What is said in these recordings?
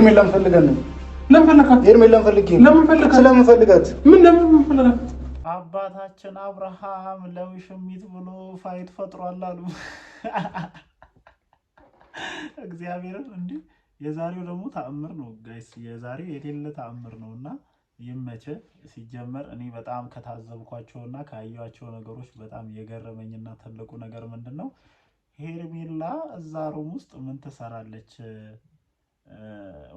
ሄርሜን ለምን ፈልገን ነው? ለምን ፈለጋት? ሄርሜን ለምን ፈልጌ? ለምን ፈለጋት? ስለምን ፈልጋት? ምን ለምን ፈለጋት? አባታችን አብርሃም ለውሽሚት ብሎ ፋይት ፈጥሯል አሉ። እግዚአብሔርን እንዲህ የዛሬው ደግሞ ተአምር ነው ጋይስ፣ የዛሬው የሌለ ተአምር ነው እና ይመቸ። ሲጀመር እኔ በጣም ከታዘብኳቸውና ካየኋቸው ነገሮች በጣም የገረመኝና ትልቁ ነገር ምንድን ነው ሄርሜላ እዛ ሮም ውስጥ ምን ትሰራለች?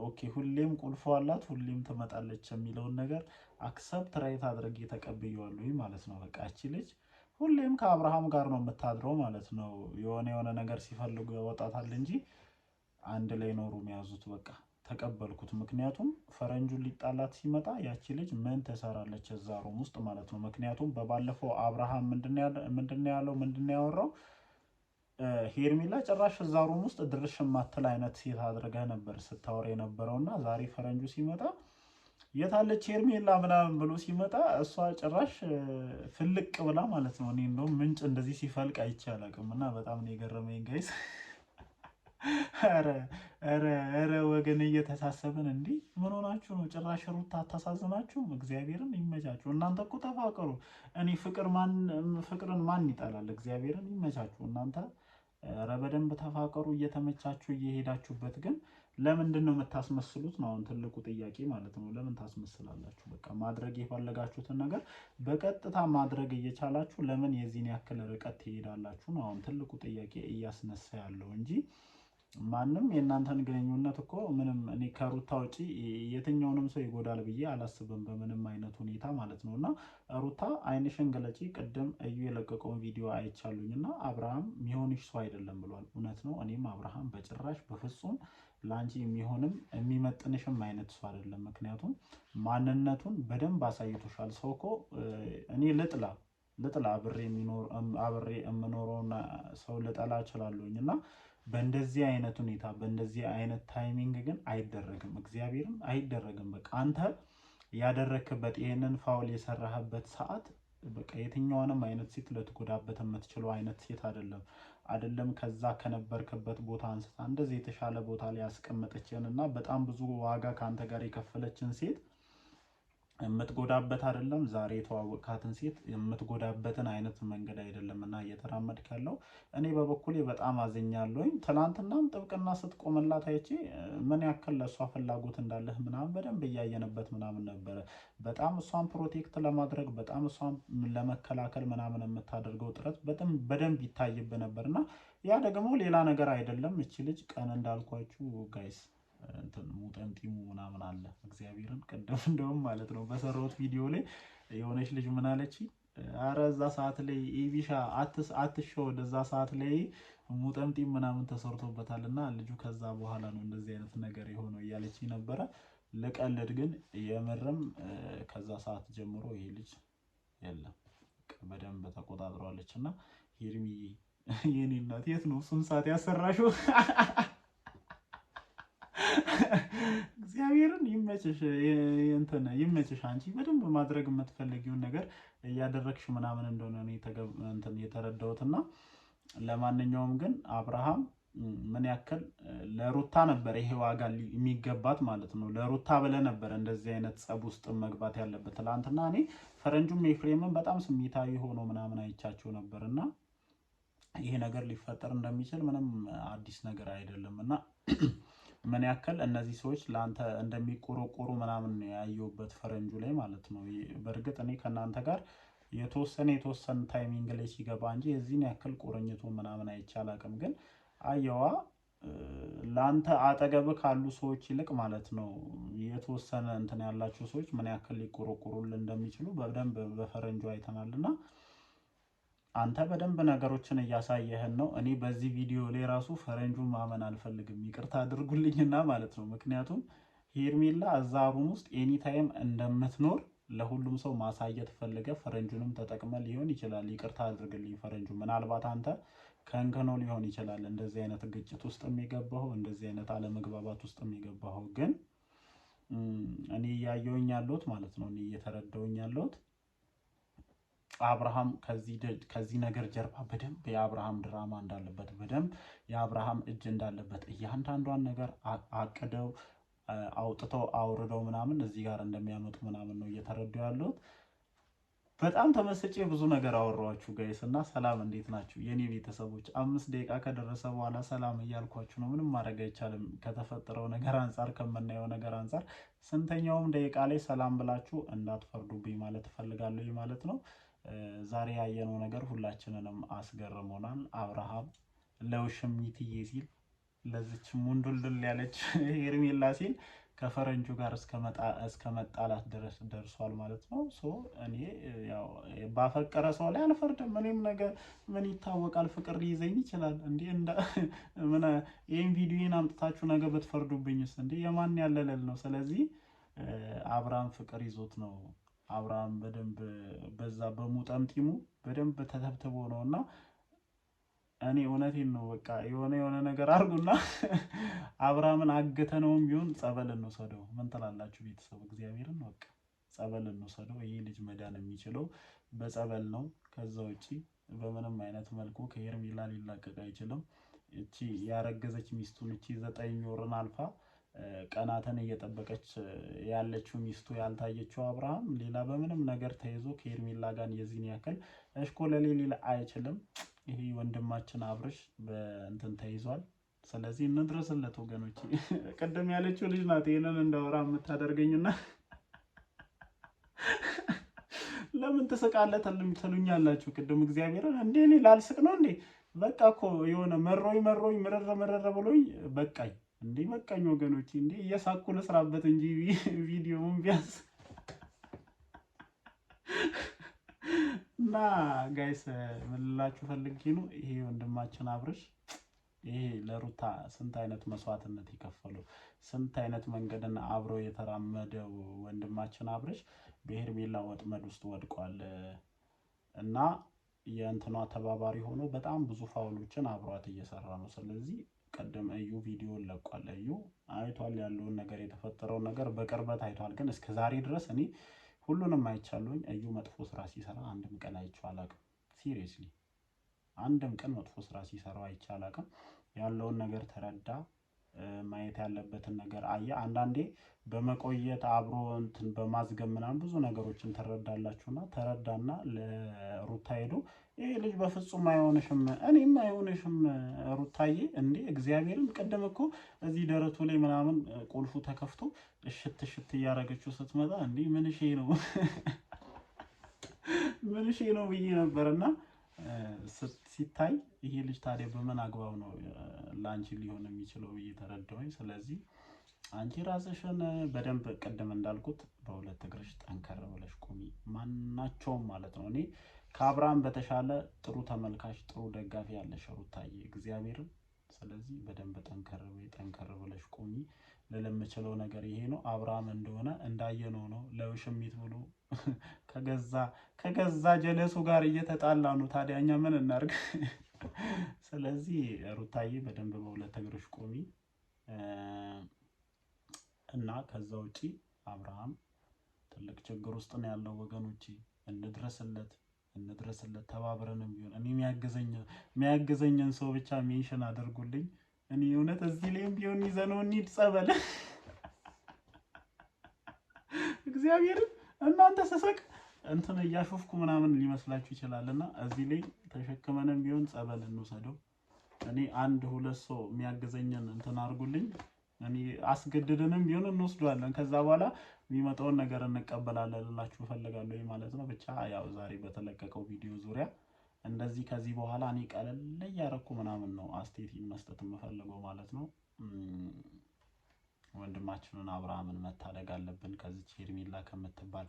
ኦኬ ሁሌም ቁልፎ አላት ሁሌም ትመጣለች የሚለውን ነገር አክሰብት ራይት አድርጌ ተቀብየዋለሁ ማለት ነው። በቃ እቺ ልጅ ሁሌም ከአብርሃም ጋር ነው የምታድረው ማለት ነው። የሆነ የሆነ ነገር ሲፈልጉ ያወጣታል እንጂ አንድ ላይ ኖሩ የያዙት። በቃ ተቀበልኩት። ምክንያቱም ፈረንጁን ሊጣላት ሲመጣ ያቺ ልጅ ምን ትሰራለች እዛ ሩም ውስጥ ማለት ነው። ምክንያቱም በባለፈው አብርሃም ምንድን ያለው ምንድን ያወራው ሄርሜላ ጭራሽ እዛ ሩም ውስጥ ድርሽ የማትል አይነት ሴት አድርገህ ነበር ስታወር የነበረው እና ዛሬ ፈረንጁ ሲመጣ የታለች ሄርሜላ ምናምን ብሎ ሲመጣ እሷ ጭራሽ ፍልቅ ብላ ማለት ነው። እኔ እንደውም ምንጭ እንደዚህ ሲፈልቅ አይቼ አላውቅም እና በጣም ነው የገረመኝ ጋይስ። ኧረ ወገን እየተሳሰብን እንዲህ ምን ሆናችሁ ነው? ጭራሽ ሩታ አታሳዝናችሁም? እግዚአብሔርን ይመቻችሁ። እናንተ እኮ ተፋቀሩ። እኔ ፍቅርን ማን ይጠላል? እግዚአብሔርን ይመቻችሁ እናንተ ኧረ በደንብ ተፋቀሩ እየተመቻችሁ እየሄዳችሁበት፣ ግን ለምንድን ነው የምታስመስሉት? ነው አሁን ትልቁ ጥያቄ ማለት ነው። ለምን ታስመስላላችሁ? በቃ ማድረግ የፈለጋችሁትን ነገር በቀጥታ ማድረግ እየቻላችሁ ለምን የዚህን ያክል ርቀት ትሄዳላችሁ? ነው አሁን ትልቁ ጥያቄ እያስነሳ ያለው እንጂ ማንም የእናንተን ግንኙነት እኮ ምንም እኔ ከሩታ ውጪ የትኛውንም ሰው ይጎዳል ብዬ አላስብም፣ በምንም አይነት ሁኔታ ማለት ነው። እና ሩታ አይንሽን ገለጪ። ቅድም እዩ የለቀቀውን ቪዲዮ አይቻሉኝ እና አብርሃም የሚሆንሽ ሰው አይደለም ብሏል። እውነት ነው። እኔም አብርሃም በጭራሽ በፍጹም ለአንቺ የሚሆንም የሚመጥንሽም አይነት ሰው አይደለም። ምክንያቱም ማንነቱን በደንብ አሳይቶሻል። ሰው እኮ እኔ ልጥላ ልጥላ አብሬ የምኖረውን ሰው ልጠላ እችላለሁኝ እና በእንደዚህ አይነት ሁኔታ በእንደዚህ አይነት ታይሚንግ ግን አይደረግም፣ እግዚአብሔርም አይደረግም። በቃ አንተ ያደረክበት ይህንን ፋውል የሰራህበት ሰዓት በቃ የትኛዋንም አይነት ሴት ልትጎዳበት የምትችለው አይነት ሴት አይደለም አይደለም። ከዛ ከነበርክበት ቦታ አንስታ እንደዚህ የተሻለ ቦታ ላይ ያስቀመጠችን እና በጣም ብዙ ዋጋ ከአንተ ጋር የከፈለችን ሴት የምትጎዳበት አይደለም። ዛሬ የተዋወቅካትን ሴት የምትጎዳበትን አይነት መንገድ አይደለም እና እየተራመድክ ያለው እኔ በበኩሌ በጣም አዝኛለሁኝ። ትናንትናም ጥብቅና ስትቆምላት አይቼ ምን ያክል ለእሷ ፍላጎት እንዳለህ ምናምን በደንብ እያየንበት ምናምን ነበረ። በጣም እሷን ፕሮቴክት ለማድረግ በጣም እሷን ለመከላከል ምናምን የምታደርገው ጥረት በደንብ ይታይብ ነበር እና ያ ደግሞ ሌላ ነገር አይደለም። እቺ ልጅ ቀን እንዳልኳችሁ ጋይስ ሙጠንጢሙ ምናምን አለ እግዚአብሔርን ቅድም እንደውም ማለት ነው በሰራሁት ቪዲዮ ላይ የሆነች ልጅ ምናለች አረ እዛ ሰዓት ላይ ኢቢሻ አትሸወድ፣ እዛ ሰዓት ላይ ሙጠምጢም ምናምን ተሰርቶበታል እና ልጁ ከዛ በኋላ ነው እንደዚህ አይነት ነገር የሆነው እያለች ነበረ። ልቀልድ ግን የምርም ከዛ ሰዓት ጀምሮ ይሄ ልጅ የለም በደንብ ተቆጣጥሯለች። እና ሄርሚዬ የኔ እናት የት ነው እሱን ሰዓት ያሰራሽው? እግዚአብሔርን ይመችሽ፣ እንትን ይመችሽ። አንቺ በደንብ ማድረግ የምትፈልጊውን ነገር እያደረግሽ ምናምን እንደሆነ እንትን የተረዳሁት። ለማንኛውም ግን አብርሃም ምን ያክል ለሩታ ነበር ይሄ ዋጋ የሚገባት ማለት ነው። ለሩታ ብለህ ነበር እንደዚህ አይነት ጸብ ውስጥ መግባት ያለበት። ትላንትና እኔ ፈረንጁም ኤፍሬምን በጣም ስሜታዊ ሆኖ ምናምን አይቻቸው ነበር እና ይሄ ነገር ሊፈጠር እንደሚችል ምንም አዲስ ነገር አይደለም እና ምን ያክል እነዚህ ሰዎች ለአንተ እንደሚቆረቆሩ ምናምን ያየሁበት ፈረንጁ ላይ ማለት ነው። በእርግጥ እኔ ከእናንተ ጋር የተወሰነ የተወሰነ ታይሚንግ ላይ ሲገባ እንጂ የዚህን ያክል ቁርኝቱ ምናምን አይቼ ግን አየዋ ለአንተ አጠገብ ካሉ ሰዎች ይልቅ ማለት ነው የተወሰነ እንትን ያላቸው ሰዎች ምን ያክል ሊቆረቁሩል እንደሚችሉ በደንብ በፈረንጁ አይተናል እና አንተ በደንብ ነገሮችን እያሳየህን ነው። እኔ በዚህ ቪዲዮ ላይ ራሱ ፈረንጁን ማመን አልፈልግም፣ ይቅርታ አድርጉልኝና ማለት ነው። ምክንያቱም ሄርሜላ እዛ ሩም ውስጥ ኤኒታይም እንደምትኖር ለሁሉም ሰው ማሳየት ፈልገ ፈረንጁንም ተጠቅመ ሊሆን ይችላል። ይቅርታ አድርግልኝ ፈረንጁ። ምናልባት አንተ ከንከኖ ሊሆን ይችላል እንደዚህ አይነት ግጭት ውስጥ የሚገባው እንደዚህ አይነት አለመግባባት ውስጥ የሚገባው ግን እኔ እያየውኝ ያለሁት ማለት ነው እኔ እየተረዳውኝ ያለሁት አብርሃም ከዚህ ነገር ጀርባ በደንብ የአብርሃም ድራማ እንዳለበት በደንብ የአብርሃም እጅ እንዳለበት እያንዳንዷን ነገር አቅደው አውጥተው አውርደው ምናምን እዚህ ጋር እንደሚያመጡ ምናምን ነው እየተረዱ ያለሁት። በጣም ተመስጬ ብዙ ነገር አወራኋችሁ ጋይስ እና ሰላም፣ እንዴት ናችሁ የእኔ ቤተሰቦች? አምስት ደቂቃ ከደረሰ በኋላ ሰላም እያልኳችሁ ነው። ምንም ማድረግ አይቻልም። ከተፈጠረው ነገር አንጻር፣ ከምናየው ነገር አንጻር ስንተኛውም ደቂቃ ላይ ሰላም ብላችሁ እንዳትፈርዱብኝ ማለት እፈልጋለሁ ማለት ነው። ዛሬ ያየነው ነገር ሁላችንንም አስገርሞናል። አብርሃም ለውሽሚትዬ ሲል ለዚች ሙንዱልዱል ያለች ሄርሜላ ሲል ከፈረንጁ ጋር እስከ መጣላት ድረስ ደርሷል ማለት ነው። ሶ እኔ ያው ባፈቀረ ሰው ላይ አልፈርድም። ምንም ነገር ምን ይታወቃል፣ ፍቅር ሊይዘኝ ይችላል። እንዲ ምን ይህን ቪዲዮን አምጥታችሁ ነገ ብትፈርዱብኝስ? እንዲ የማን ያለለል ነው። ስለዚህ አብርሃም ፍቅር ይዞት ነው አብርሃም በደንብ በዛ በሙጠምጢሙ በደንብ ተተብትቦ ነው እና እኔ እውነቴን ነው በቃ የሆነ የሆነ ነገር አርጉና አብርሃምን አገተነውም ቢሆን ጸበል እንውሰደው። ምን ትላላችሁ ቤተሰብ? እግዚአብሔርን በቃ ጸበል እንውሰደው። ይህ ልጅ መዳን የሚችለው በጸበል ነው። ከዛ ውጪ በምንም አይነት መልኩ ከሄርሜላ ሊላቀቅ አይችልም። እቺ ያረገዘች ሚስቱን እቺ ዘጠኝ ወርን አልፋ ቀናትን እየጠበቀች ያለችው ሚስቱ ያልታየችው አብርሃም ሌላ በምንም ነገር ተይዞ ከሄርሜላ ጋር የዚህን ያክል እሽኮለሌ ሊል አይችልም። ይሄ ወንድማችን አብርሽ በእንትን ተይዟል። ስለዚህ እንድረስለት ወገኖች። ቅድም ያለችው ልጅ ናት ይህንን እንዳወራ የምታደርገኝና ለምን ትስቃለት ትሉኛላችሁ። ቅድም እግዚአብሔርን እንዴ ላልስቅ ነው እንዴ? በቃ እኮ የሆነ መሮኝ መሮኝ ምረረ መረረ ብሎኝ በቃኝ። እንዴ መቃኝ ወገኖች፣ እንዴ እየሳኩ ልስራበት እንጂ ቪዲዮውን ቢያዝ እና ጋይስ ምንላችሁ ልላችሁ ፈልጌ ነው፣ ይሄ ወንድማችን አብርሽ ይሄ ለሩታ ስንት አይነት መስዋዕትነት የከፈለው ስንት አይነት መንገድን አብሮ የተራመደው ወንድማችን አብርሽ በሄርሜላ ወጥመድ ውስጥ ወድቋል እና የእንትኗ ተባባሪ ሆኖ በጣም ብዙ ፋውሎችን አብሯት እየሰራ ነው። ስለዚህ ቀደም እዩ ቪዲዮን ለቋል። እዩ አይቷል ያለውን ነገር የተፈጠረውን ነገር በቅርበት አይቷል። ግን እስከ ዛሬ ድረስ እኔ ሁሉንም አይቻለሁኝ። እዩ መጥፎ ስራ ሲሰራ አንድም ቀን አይቼው አላውቅም። ሲሪየስሊ አንድም ቀን መጥፎ ስራ ሲሰራ አይቼው አላውቅም። ያለውን ነገር ተረዳ። ማየት ያለበትን ነገር አየ። አንዳንዴ በመቆየት አብሮ እንትን በማዝገብ ምናምን ብዙ ነገሮችን ትረዳላችሁና ተረዳና ለሩታ ሄዶ ይሄ ልጅ በፍጹም አይሆንሽም፣ እኔም አይሆንሽም ሩታዬ፣ እንዴ እግዚአብሔርም ቅድም እኮ እዚህ ደረቱ ላይ ምናምን ቁልፉ ተከፍቶ እሽት እሽት እያደረገችው ስትመጣ እንዴ ምን ነው ምን ነው ብዬ ነበርና ሲታይ ይሄ ልጅ ታዲያ በምን አግባብ ነው ለአንቺ ሊሆን የሚችለው ብዬ ተረዳሁኝ። ስለዚህ አንቺ ራስሽን በደንብ ቅድም እንዳልኩት በሁለት እግርሽ ጠንከር ብለሽ ቁሚ፣ ማናቸውም ማለት ነው። እኔ ከአብርሃም በተሻለ ጥሩ ተመልካች፣ ጥሩ ደጋፊ ያለሽ ሩታዬ እግዚአብሔርም። ስለዚህ በደንብ ጠንከር ጠንከር ብለሽ ቁሚ። ልል የምችለው ነገር ይሄ ነው። አብርሃም እንደሆነ እንዳየነው ነው ለውሽሚት ብሎ ከገዛ ከገዛ ጀለሱ ጋር እየተጣላ ነው። ታዲያ እኛ ምን እናርግ? ስለዚህ ሩታዬ በደንብ በሁለት እግሮች ቆሚ እና ከዛ ውጪ አብርሃም ትልቅ ችግር ውስጥ ነው ያለው። ወገኖች እንድረስለት እንድረስለት፣ ተባብረንም ቢሆን እኔ የሚያግዘኝን ሰው ብቻ ሜንሽን አድርጉልኝ። እኔ እውነት እዚህ ላይም ቢሆን ይዘነው እንሂድ ጸበል እግዚአብሔርን እናንተ ስስቅ እንትን እያሾፍኩ ምናምን ሊመስላችሁ ይችላል። እና እዚህ ላይ ተሸክመንም ቢሆን ጸበል እንውሰደው። እኔ አንድ ሁለት ሰው የሚያግዘኝን እንትን አድርጉልኝ። እኔ አስገድድንም ቢሆን እንወስደዋለን። ከዛ በኋላ የሚመጣውን ነገር እንቀበላለን እላችሁ እፈልጋለሁ ማለት ነው። ብቻ ያው ዛሬ በተለቀቀው ቪዲዮ ዙሪያ እንደዚህ ከዚህ በኋላ እኔ ቀለል እያረኩ ምናምን ነው አስቴት መስጠት የምፈልገው ማለት ነው። ወንድማችንን አብርሃምን መታደግ አለብን ከዚች ሄርሜላ ከምትባል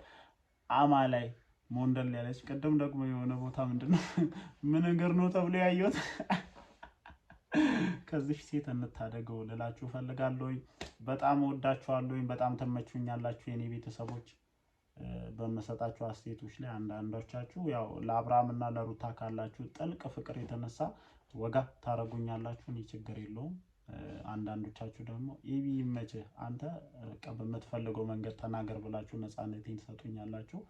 አማ ላይ ሞንደል ያለች። ቅድም ደግሞ የሆነ ቦታ ምንድን ነው ምን እግር ነው ተብሎ ያየሁት ከዚች ሴት እንታደገው ልላችሁ ፈልጋለሁኝ። በጣም ወዳችኋለሁኝ። በጣም ተመቹኛላችሁ የኔ ቤተሰቦች። በመሰጣችሁ አስተያየቶች ላይ አንዳንዶቻችሁ ያው ለአብርሃም እና ለሩታ ካላችሁ ጥልቅ ፍቅር የተነሳ ወጋ ታረጉኛላችሁ። እኔ ችግር የለውም። አንዳንዶቻችሁ ደግሞ ኢቢ ይመችህ አንተ በቃ በምትፈልገው መንገድ ተናገር ብላችሁ ነፃነቴን ትሰጡኛላችሁ።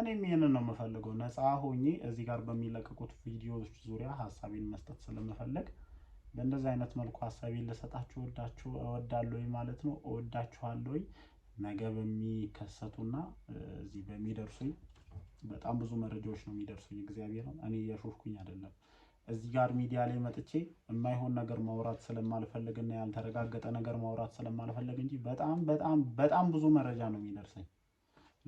እኔም ይህንን ነው የምፈልገው፣ ነፃ ሆኜ እዚህ ጋር በሚለቀቁት ቪዲዮዎች ዙሪያ ሀሳቤን መስጠት ስለምፈልግ በእንደዚህ አይነት መልኩ ሀሳቤን ልሰጣችሁ ወዳችሁ እወዳለሁኝ ማለት ነው። እወዳችኋለሁኝ። ነገ በሚከሰቱና እዚህ በሚደርሱኝ በጣም ብዙ መረጃዎች ነው የሚደርሱኝ። እግዚአብሔርን እኔ እያሾፍኩኝ አይደለም። እዚህ ጋር ሚዲያ ላይ መጥቼ የማይሆን ነገር ማውራት ስለማልፈልግና ያልተረጋገጠ ነገር ማውራት ስለማልፈልግ እንጂ በጣም በጣም በጣም ብዙ መረጃ ነው የሚደርሰኝ።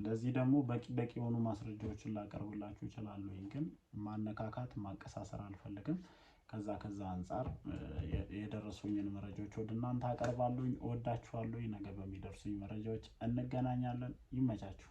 ለዚህ ደግሞ በቂ በቂ የሆኑ ማስረጃዎችን ላቀርብላችሁ ይችላሉ፣ ግን ማነካካት ማቀሳሰር አልፈልግም። ከዛ ከዛ አንጻር የደረሱኝን መረጃዎች ወደ እናንተ አቀርባለሁኝ። እወዳችኋለሁኝ። ነገ በሚደርሱኝ መረጃዎች እንገናኛለን። ይመቻችሁ።